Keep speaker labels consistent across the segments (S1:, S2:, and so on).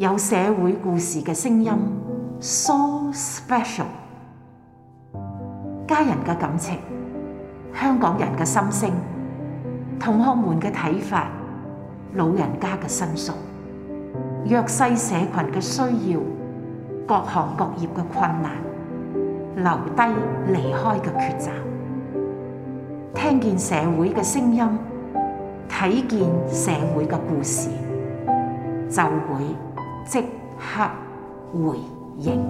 S1: 有社會故事嘅聲音，so special。家人嘅感情，香港人嘅心聲，同學們嘅睇法，老人家嘅申訴，弱勢社群嘅需要，各行各業嘅困難，留低離開嘅抉擇，聽見社會嘅聲音，睇見社會嘅故事，就會。即刻回應。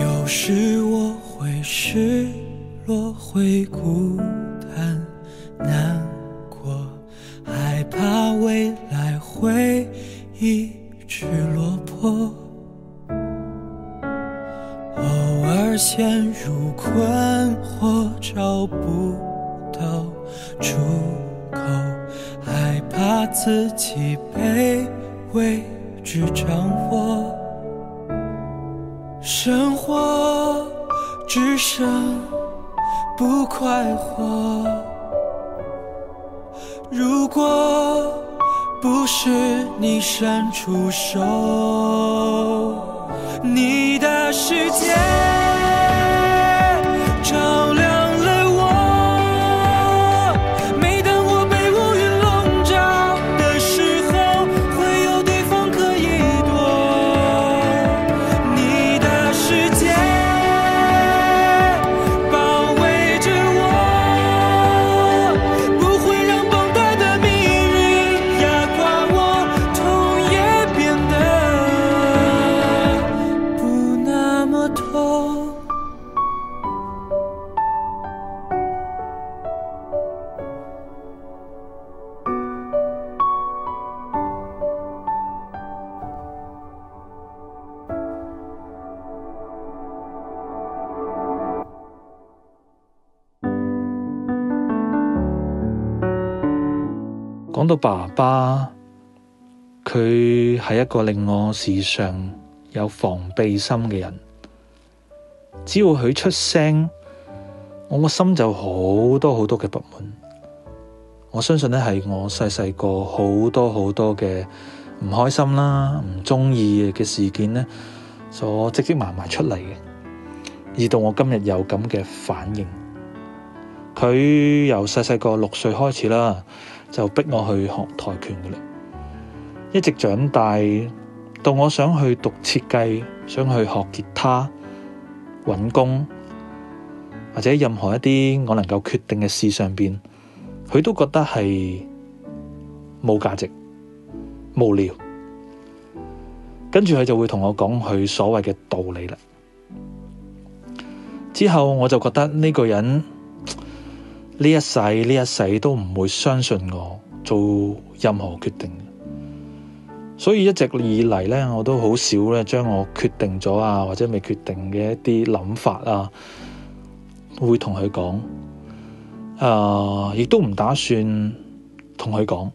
S2: 有時。不是你伸出手，你的世界。
S3: 爸爸佢係一個令我時常有防備心嘅人，只要佢出聲，我個心就好多好多嘅不滿。我相信呢係我細細個好多好多嘅唔開心啦、唔中意嘅事件呢所積積埋埋出嚟嘅，而到我今日有咁嘅反應。佢由細細個六歲開始啦。就逼我去學跆拳嘅啦，一直長大到我想去讀設計，想去學吉他、揾工或者任何一啲我能夠決定嘅事上邊，佢都覺得係冇價值、無聊，跟住佢就會同我講佢所謂嘅道理啦。之後我就覺得呢個人。呢一世，呢一世都唔會相信我做任何決定，所以一直以嚟咧，我都好少咧將我決定咗啊，或者未決定嘅一啲諗法啊，會同佢講，誒，呃，亦都唔打算同佢講，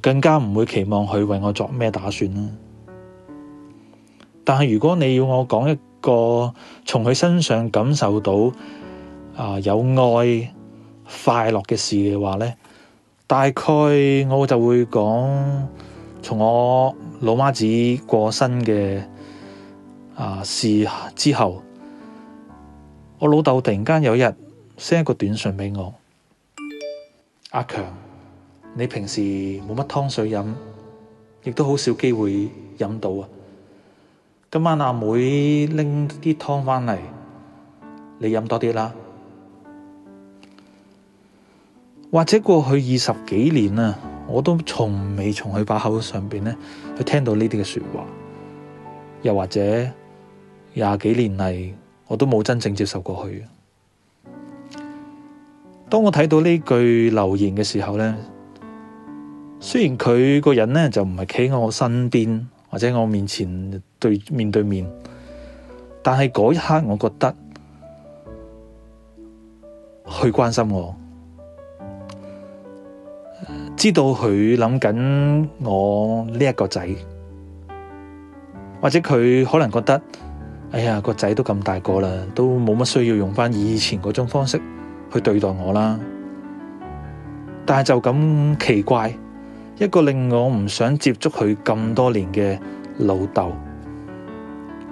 S3: 更加唔會期望佢為我作咩打算啦。但係如果你要我講一個從佢身上感受到。啊，有愛快樂嘅事嘅話咧，大概我就會講從我老媽子過身嘅啊事之後，我老豆突然間有一日 send 一個短信畀我，阿強，你平時冇乜湯水飲，亦都好少機會飲到啊，今晚阿妹拎啲湯翻嚟，你飲多啲啦。或者過去二十幾年啊，我都從未從佢把口上邊呢去聽到呢啲嘅說話。又或者廿幾年嚟，我都冇真正接受過佢。當我睇到呢句留言嘅時候呢，雖然佢個人呢就唔係企喺我身邊，或者我面前對面對面，但係嗰一刻我覺得佢關心我。知道佢諗緊我呢一個仔，或者佢可能覺得，哎呀個仔都咁大個啦，都冇乜需要用翻以前嗰種方式去對待我啦。但係就咁奇怪，一個令我唔想接觸佢咁多年嘅老豆，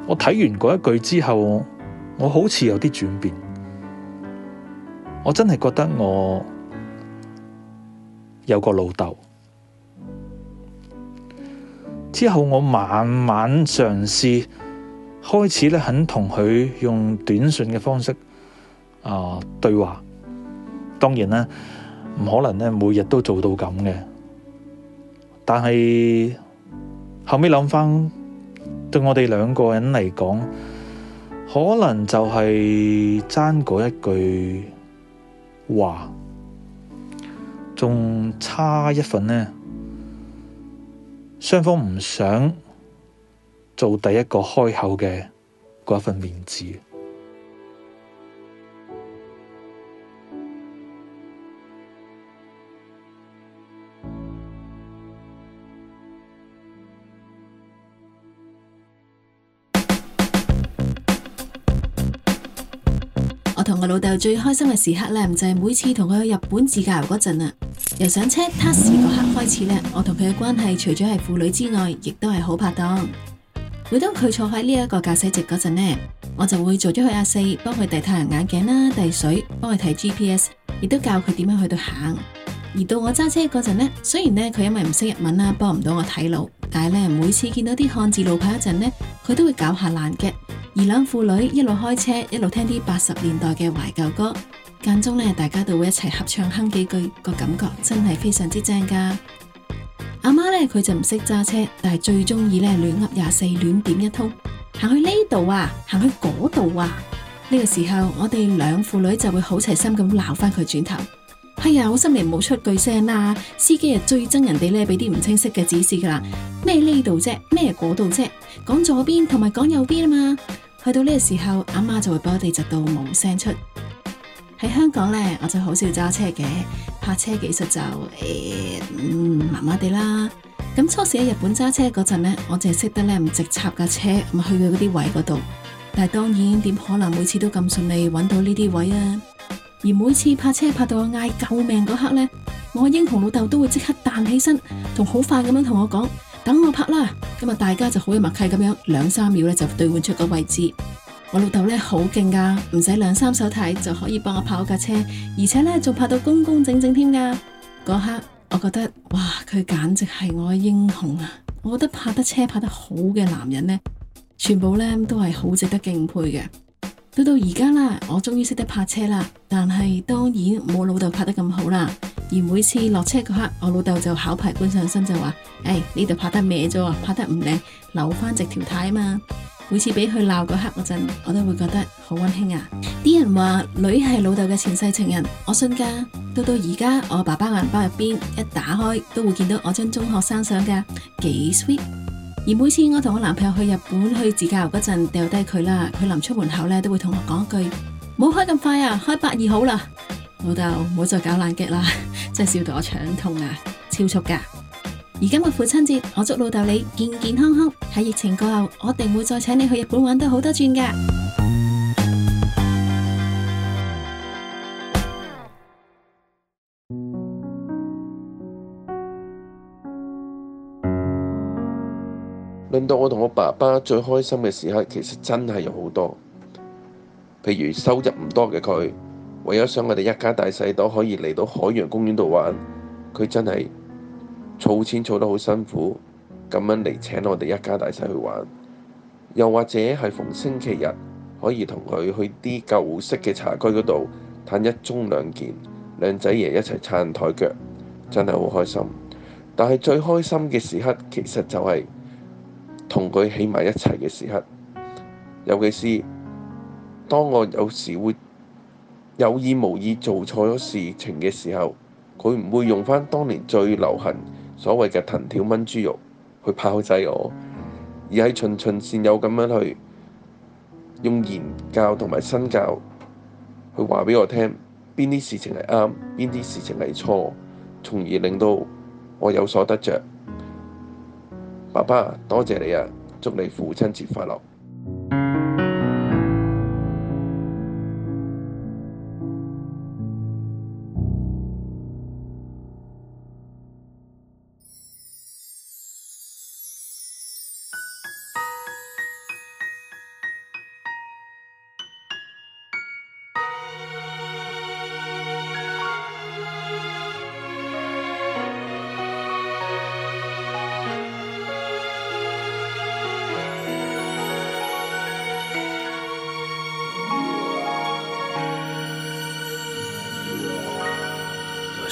S3: 我睇完嗰一句之後，我好似有啲轉變，我真係覺得我。有個老豆，之後我慢慢嘗試開始咧，肯同佢用短信嘅方式啊、呃、對話。當然啦，唔可能咧每日都做到咁嘅。但係後尾諗翻，對我哋兩個人嚟講，可能就係爭嗰一句話。仲差一份呢，雙方唔想做第一個開口嘅嗰份面子。
S4: 我同我老豆最開心嘅時刻咧，就係、是、每次同佢去日本自駕遊嗰陣啊！由上車嗰時嗰刻開始咧，我同佢嘅關係除咗係父女之外，亦都係好拍檔。每當佢坐喺呢一個駕駛席嗰陣呢，我就會做咗佢阿四，幫佢遞太陽眼鏡啦，遞水，幫佢睇 GPS，亦都教佢點樣去到行。而到我揸車嗰陣呢，雖然呢佢因為唔識日文啦，幫唔到我睇路，但係咧每次見到啲漢字路牌嗰陣呢，佢都會搞下爛嘅。而兩父女一路開車，一路聽啲八十年代嘅懷舊歌。間中咧，大家都會一齊合唱哼幾句，個感覺真係非常之正噶。阿媽咧，佢就唔識揸車，但係最中意咧亂噏廿四亂點一通，行去呢度啊，行去嗰度啊。呢個時候，我哋兩父女就會好齊心咁鬧翻佢轉頭。係啊、哎，好心你唔好出句聲啦，司機啊最憎人哋咧俾啲唔清晰嘅指示噶啦。咩呢度啫？咩嗰度啫？講左邊同埋講右邊啊嘛。去到呢個時候，阿媽就會俾我哋窒到冇聲出。喺香港咧，我就好少揸車嘅，泊車技術就誒，麻麻地啦。咁初時喺日本揸車嗰陣咧，我淨係識得咧唔直插架車，咁去佢嗰啲位嗰度。但係當然，點可能每次都咁順利揾到呢啲位啊？而每次泊車泊到我嗌救命嗰刻咧，我英雄老豆都會即刻彈起身，同好快咁樣同我講：等我泊啦。咁啊，大家就好有默契咁樣，兩三秒咧就對換出個位置。我老豆咧好勁噶，啊，唔使兩三手睇就可以幫我泊好架車，而且咧仲泊到工工整整添噶。嗰刻我覺得哇，佢簡直係我嘅英雄啊！我覺得泊得車泊得好嘅男人咧，全部咧都係好值得敬佩嘅。到到而家啦，我終於識得泊車啦，但係當然冇老豆泊得咁好啦。而每次落車嗰刻，我老豆就考牌官上身就話：誒呢度泊得咩啫？泊得唔靚，留翻直條軚啊嘛！每次俾佢鬧嗰刻嗰陣，我都會覺得好溫馨啊！啲人話女係老豆嘅前世情人，我信噶。到到而家，我爸爸嘅錢包入邊一打開，都會見到我張中學生相噶，幾 sweet。而每次我同我男朋友去日本去自駕遊嗰陣，掉低佢啦，佢臨出門口咧都會同我講一句：唔好開咁快啊，開百二好啦。老豆唔好再搞爛 gag 啦，真係笑到我腸痛啊，超速噶！而今個父親節，我祝老豆你健健康康。喺疫情過後，我定會再請你去日本玩得好多轉噶。
S5: 令到我同我爸爸最開心嘅時刻，其實真係有好多。譬如收入唔多嘅佢，為咗想我哋一家大細都可以嚟到海洋公園度玩，佢真係。儲錢儲得好辛苦，咁樣嚟請我哋一家大細去玩，又或者係逢星期日可以同佢去啲舊式嘅茶居嗰度，嘆一盅兩件，兩仔爺一齊撐台腳，真係好開心。但係最開心嘅時刻，其實就係同佢起埋一齊嘅時刻，尤其是當我有時會有意無意做錯咗事情嘅時候，佢唔會用翻當年最流行所謂嘅藤條炆豬肉去炮製我，mm hmm. 而係循循善誘咁樣去用言教同埋身教去話畀我聽邊啲事情係啱，邊啲事情係錯，從而令到我有所得着。爸爸，多謝你啊！祝你父親節快樂！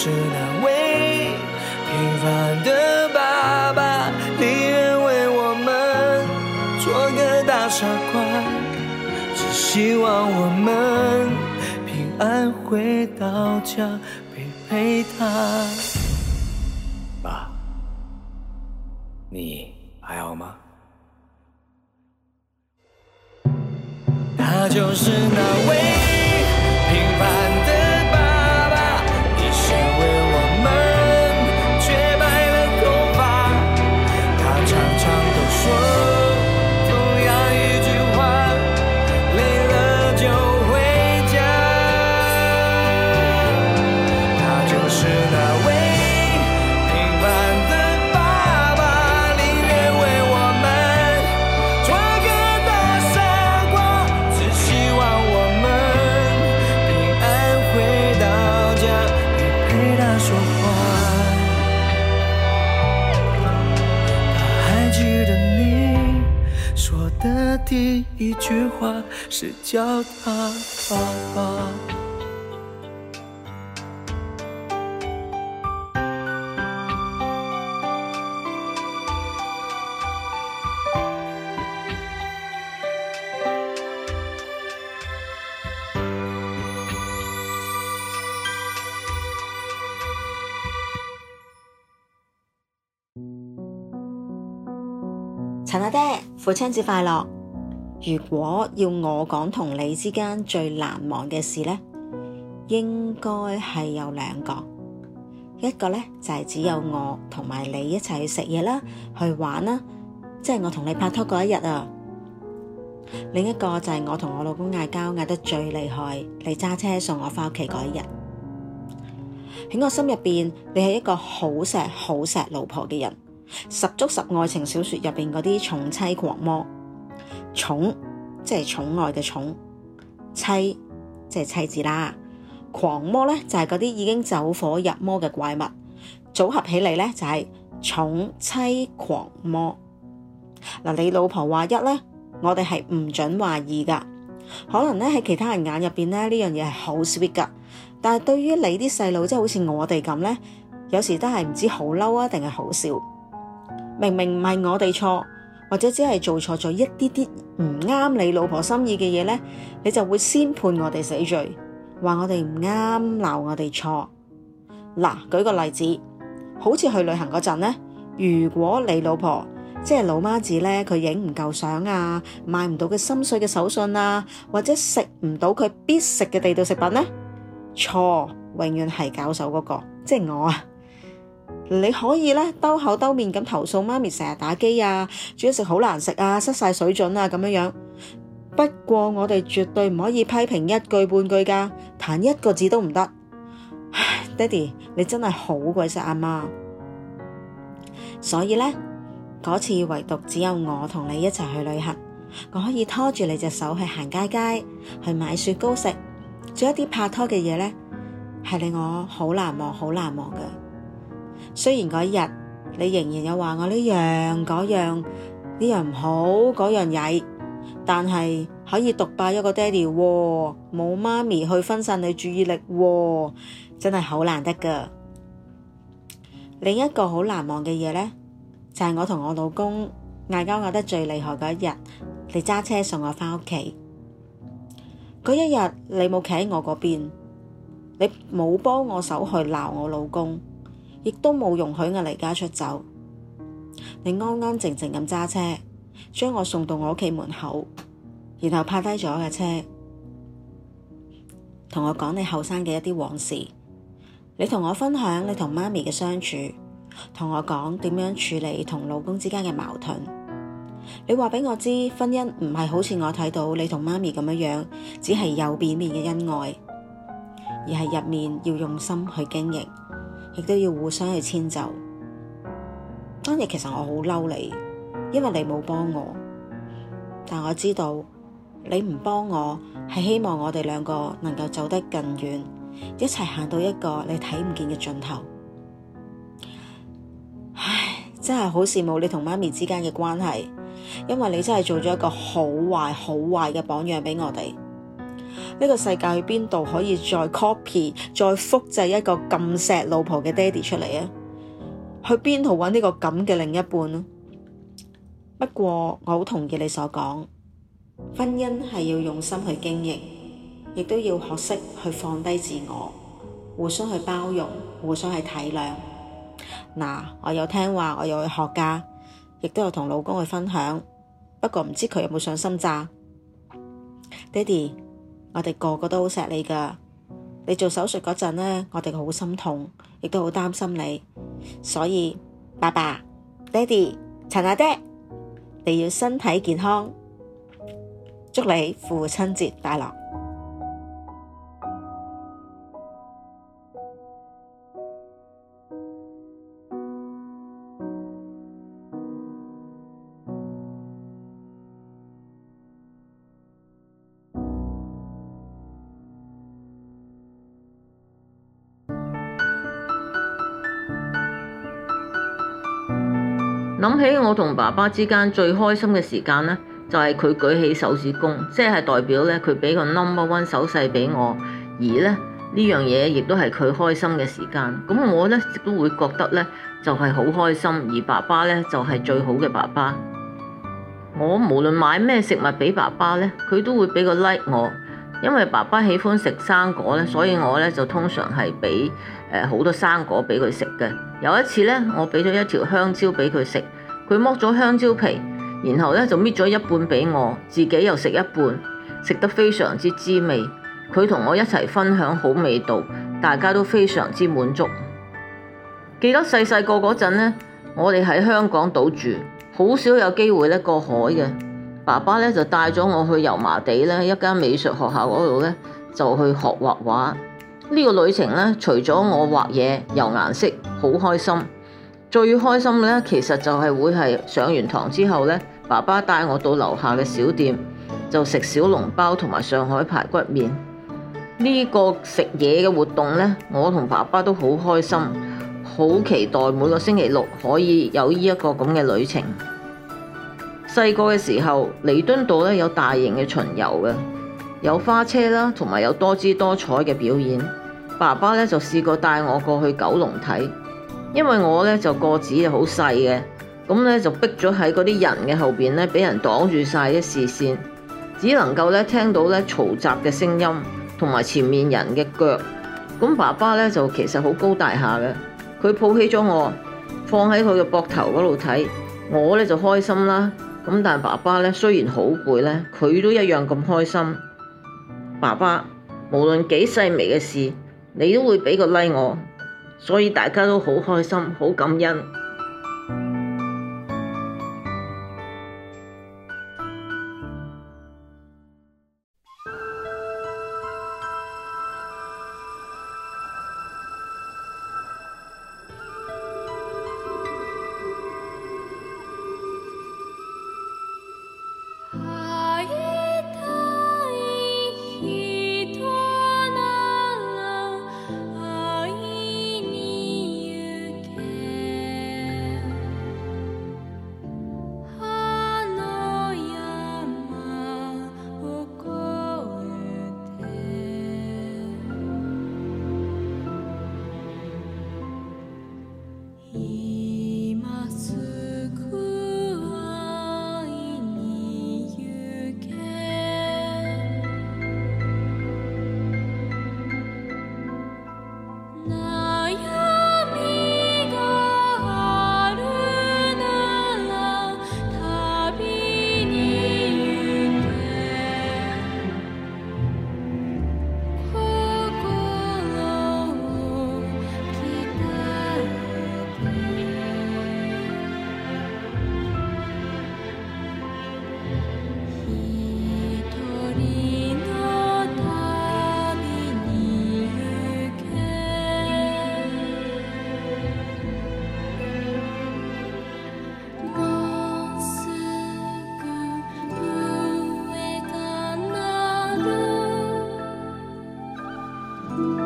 S2: 那是那位平凡的爸爸，寧願為我們做個大傻瓜，只希望我們平安回到家陪陪他。爸，你還好嗎？他就是那位。
S6: 陳阿爹，父親節快樂！如果要我講同你之間最難忘嘅事呢，應該係有兩個，一個呢，就係、是、只有我同埋你一齊去食嘢啦，去玩啦，即係我同你拍拖嗰一日啊；另一個就係我同我老公嗌交嗌得最厲害，你揸車送我翻屋企嗰一日。喺我心入邊，你係一個好錫好錫老婆嘅人，十足十愛情小說入邊嗰啲寵妻狂魔。寵即係寵愛嘅寵，妻即係妻子啦。狂魔咧就係嗰啲已經走火入魔嘅怪物，組合起嚟咧就係、是、寵妻狂魔。嗱，你老婆話一咧，我哋係唔準話二噶。可能咧喺其他人眼入邊咧，呢樣嘢係好 sweet 噶，但係對於你啲細路，即係好似我哋咁咧，有時都係唔知好嬲啊定係好笑。明明唔係我哋錯。或者只係做錯咗一啲啲唔啱你老婆心意嘅嘢呢，你就會先判我哋死罪，話我哋唔啱，鬧我哋錯。嗱，舉個例子，好似去旅行嗰陣呢，如果你老婆即係老媽子呢，佢影唔夠相啊，買唔到佢心水嘅手信啊，或者食唔到佢必食嘅地道食品呢，錯永遠係搞手嗰個，即係我啊！你可以咧兜口兜面咁投訴媽咪成日打機啊，煮嘢食好難食啊，失晒水準啊咁樣樣。不過我哋絕對唔可以批評一句半句噶彈一個字都唔得。唉，爹哋，你真係好鬼錫阿媽。所以呢，嗰次唯獨只有我同你一齊去旅行，我可以拖住你隻手去行街街，去買雪糕食，做一啲拍拖嘅嘢呢，係令我好難忘，好難忘噶。雖然嗰一日你仍然有話我呢樣嗰樣呢樣唔好嗰樣曳，但係可以獨霸一個爹哋喎，冇媽咪去分散你注意力喎，真係好難得㗎。另一個好難忘嘅嘢呢，就係我同我老公嗌交嗌得最厲害嗰一日，你揸車送我返屋企。嗰一日你冇企喺我嗰邊，你冇幫我手去鬧我老公。亦都冇容許我離家出走，你安安靜靜咁揸車，將我送到我屋企門口，然後泊低咗嘅車，同我講你後生嘅一啲往事，你同我分享你同媽咪嘅相處，同我講點樣處理同老公之間嘅矛盾，你話俾我知婚姻唔係好似我睇到你同媽咪咁樣樣，只係有表面嘅恩愛，而係入面要用心去經營。亦都要互相去遷就。當日其實我好嬲你，因為你冇幫我。但我知道你唔幫我係希望我哋兩個能夠走得更遠，一齊行到一個你睇唔見嘅盡頭。唉，真係好羨慕你同媽咪之間嘅關係，因為你真係做咗一個好壞好壞嘅榜樣俾我哋。呢個世界去邊度可以再 copy 再複製一個咁錫老婆嘅爹哋出嚟啊？去邊度揾呢個咁嘅另一半呢？不過我好同意你所講，婚姻係要用心去經營，亦都要學識去放低自我，互相去包容，互相去體諒。嗱，我有聽話，我又去學噶，亦都有同老公去分享。不過唔知佢有冇上心咋，爹哋。我哋個個都好錫你㗎，你做手術嗰陣呢，我哋好心痛，亦都好擔心你，所以爸爸、爹地、陳阿爹，你要身體健康，祝你父親節大樂！
S1: 諗起我同爸爸之間最開心嘅時間咧，就係佢舉起手指公，即係代表咧佢俾個 number one 手勢俾我，而咧呢樣嘢亦都係佢開心嘅時間。咁我咧亦都會覺得咧就係好開心，而爸爸咧就係最好嘅爸爸。我無論買咩食物俾爸爸咧，佢都會俾個 like 我，因為爸爸喜歡食生果咧，所以我咧就通常係俾。誒好多生果俾佢食嘅，有一次呢，我俾咗一條香蕉俾佢食，佢剝咗香蕉皮，然後呢就搣咗一半俾我，自己又食一半，食得非常之滋味。佢同我一齊分享好味道，大家都非常之滿足。記得細細個嗰陣呢，我哋喺香港島住，好少有機會咧過海嘅。爸爸呢就帶咗我去油麻地呢一間美術學校嗰度呢，就去學畫畫。呢個旅程呢，除咗我畫嘢、油顏色好開心，最開心嘅呢，其實就係會係上完堂之後呢，爸爸帶我到樓下嘅小店就食小籠包同埋上海排骨麵。呢、呢個食嘢嘅活動呢，我同爸爸都好開心，好期待每個星期六可以有呢一個咁嘅旅程。細個嘅時候，彌敦道呢有大型嘅巡遊嘅，有花車啦，同埋有多姿多彩嘅表演。爸爸咧就試過帶我過去九龍睇，因為我咧就個子好細嘅，咁咧就逼咗喺嗰啲人嘅後邊咧，俾人擋住晒啲視線，只能夠咧聽到咧嘈雜嘅聲音同埋前面人嘅腳。咁爸爸咧就其實好高大下嘅，佢抱起咗我，放喺佢嘅膊頭嗰度睇，我咧就開心啦。咁但爸爸咧雖然好攰咧，佢都一樣咁開心。爸爸無論幾細微嘅事。你都會俾個 like 我，所以大家都好開心，好感恩。